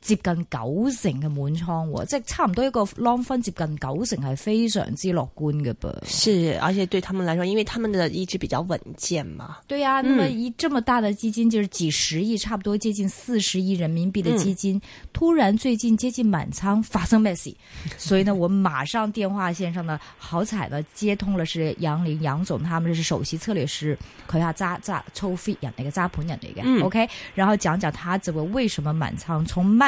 接近九成嘅滿倉，即係差唔多一個 long 分接近九成係非常之樂觀嘅噃。是，而且對佢哋嚟講，因為佢哋一直比較穩健嘛。對呀、啊嗯，那啊一這麼大的基金，就是幾十億，差不多接近四十億人民幣嘅基金、嗯，突然最近接近滿倉發生咩事， 所以呢，我馬上電話線上呢，好彩呢接通了是楊，是楊玲楊總他們，佢哋是首席策略師，佢係揸揸抽 fit 人嚟嘅揸盤人嚟嘅，OK，然後講講佢哋為為什麼滿倉從慢。